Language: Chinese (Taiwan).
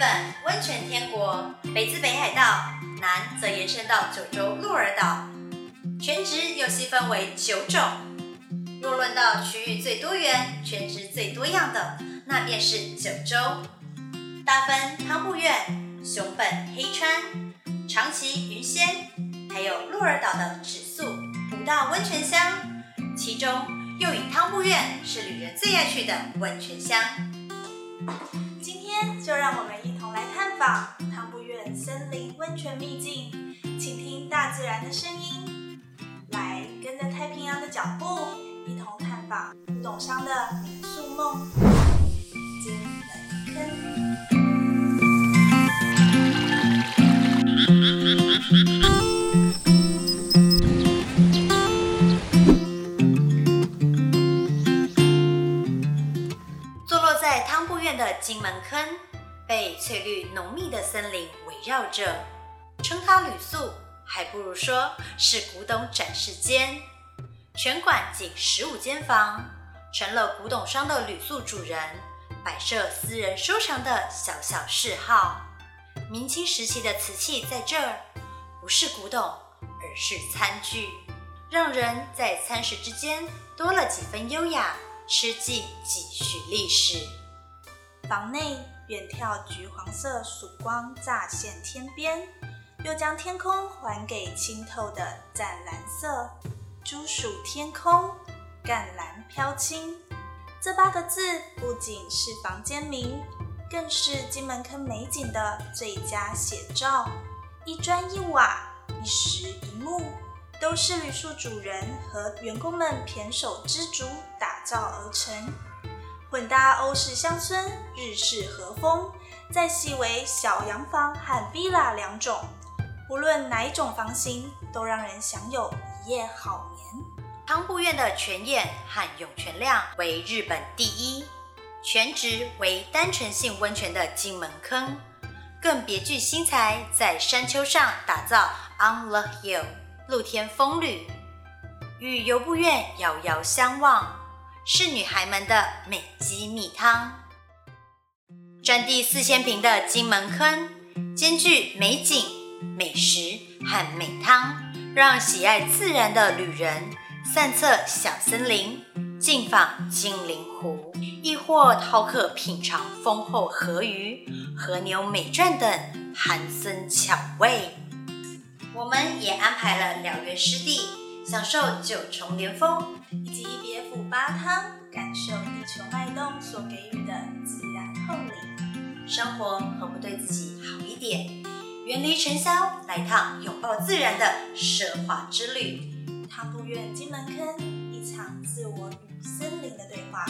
日本溫泉天國北至北海道，南則延伸到九州鹿兒島，泉質又細分為九種。若論到區域最多元、泉質最多樣的，那便是九州。大分湯布院、熊本黑川、長崎雲仙，還有鹿兒島的指宿、霧島溫泉鄉，其中又以湯布院是旅人最愛去的溫泉鄉。今天就讓我們一。湯布院森林溫泉秘境，傾聽大自然的聲音，來跟着太平洋的腳步，一同探訪古董商的民宿夢金門坑。坐落在湯布院的金門坑。被翠綠濃密的森林圍繞着，稱它旅宿，還不如說是古董展示間。全館僅十五間房，成了古董商的旅宿主人，擺設私人收藏的小小嗜好。明清時期的瓷器在這兒，不是古董，而是餐具，讓人在餐食之間多了幾分優雅，吃盡幾許歷史。房內遠眺，橘黃色曙光乍現天邊，又將天空還給清透的湛藍色。珠數天空，湛藍飄青，這八個字不僅是房間名，更是金門坑美景的最佳寫照。一磚一瓦，一石一木，都是旅宿主人和員工們胼手胝足打造而成。混搭歐式鄉村、日式和風，再細為小洋房和 villa 兩種，無論哪種房型，都讓人享有一夜好眠。湯布院的泉眼和湧泉量為日本第一，泉質為單純性溫泉的金門坑，更別具心裁，在山丘上打造 On the Hill 露天風呂，與游步院遙遙相望。是女孩們的美肌蜜湯。占地四千平的金門坑，兼具美景、美食和美湯，讓喜愛自然的旅人散策小森林、近訪金麟湖，亦或饕客品嘗豐厚河魚、和牛美饌等寒森巧味。我們也安排了兩園濕地。享受九重連峰以及別府八湯，感受地球脈動所給予的自然厚禮。生活何不對自己好一點？遠離塵囂，來一趟擁抱自然的奢華之旅。湯布院金門坑，一場自我與森林的對話。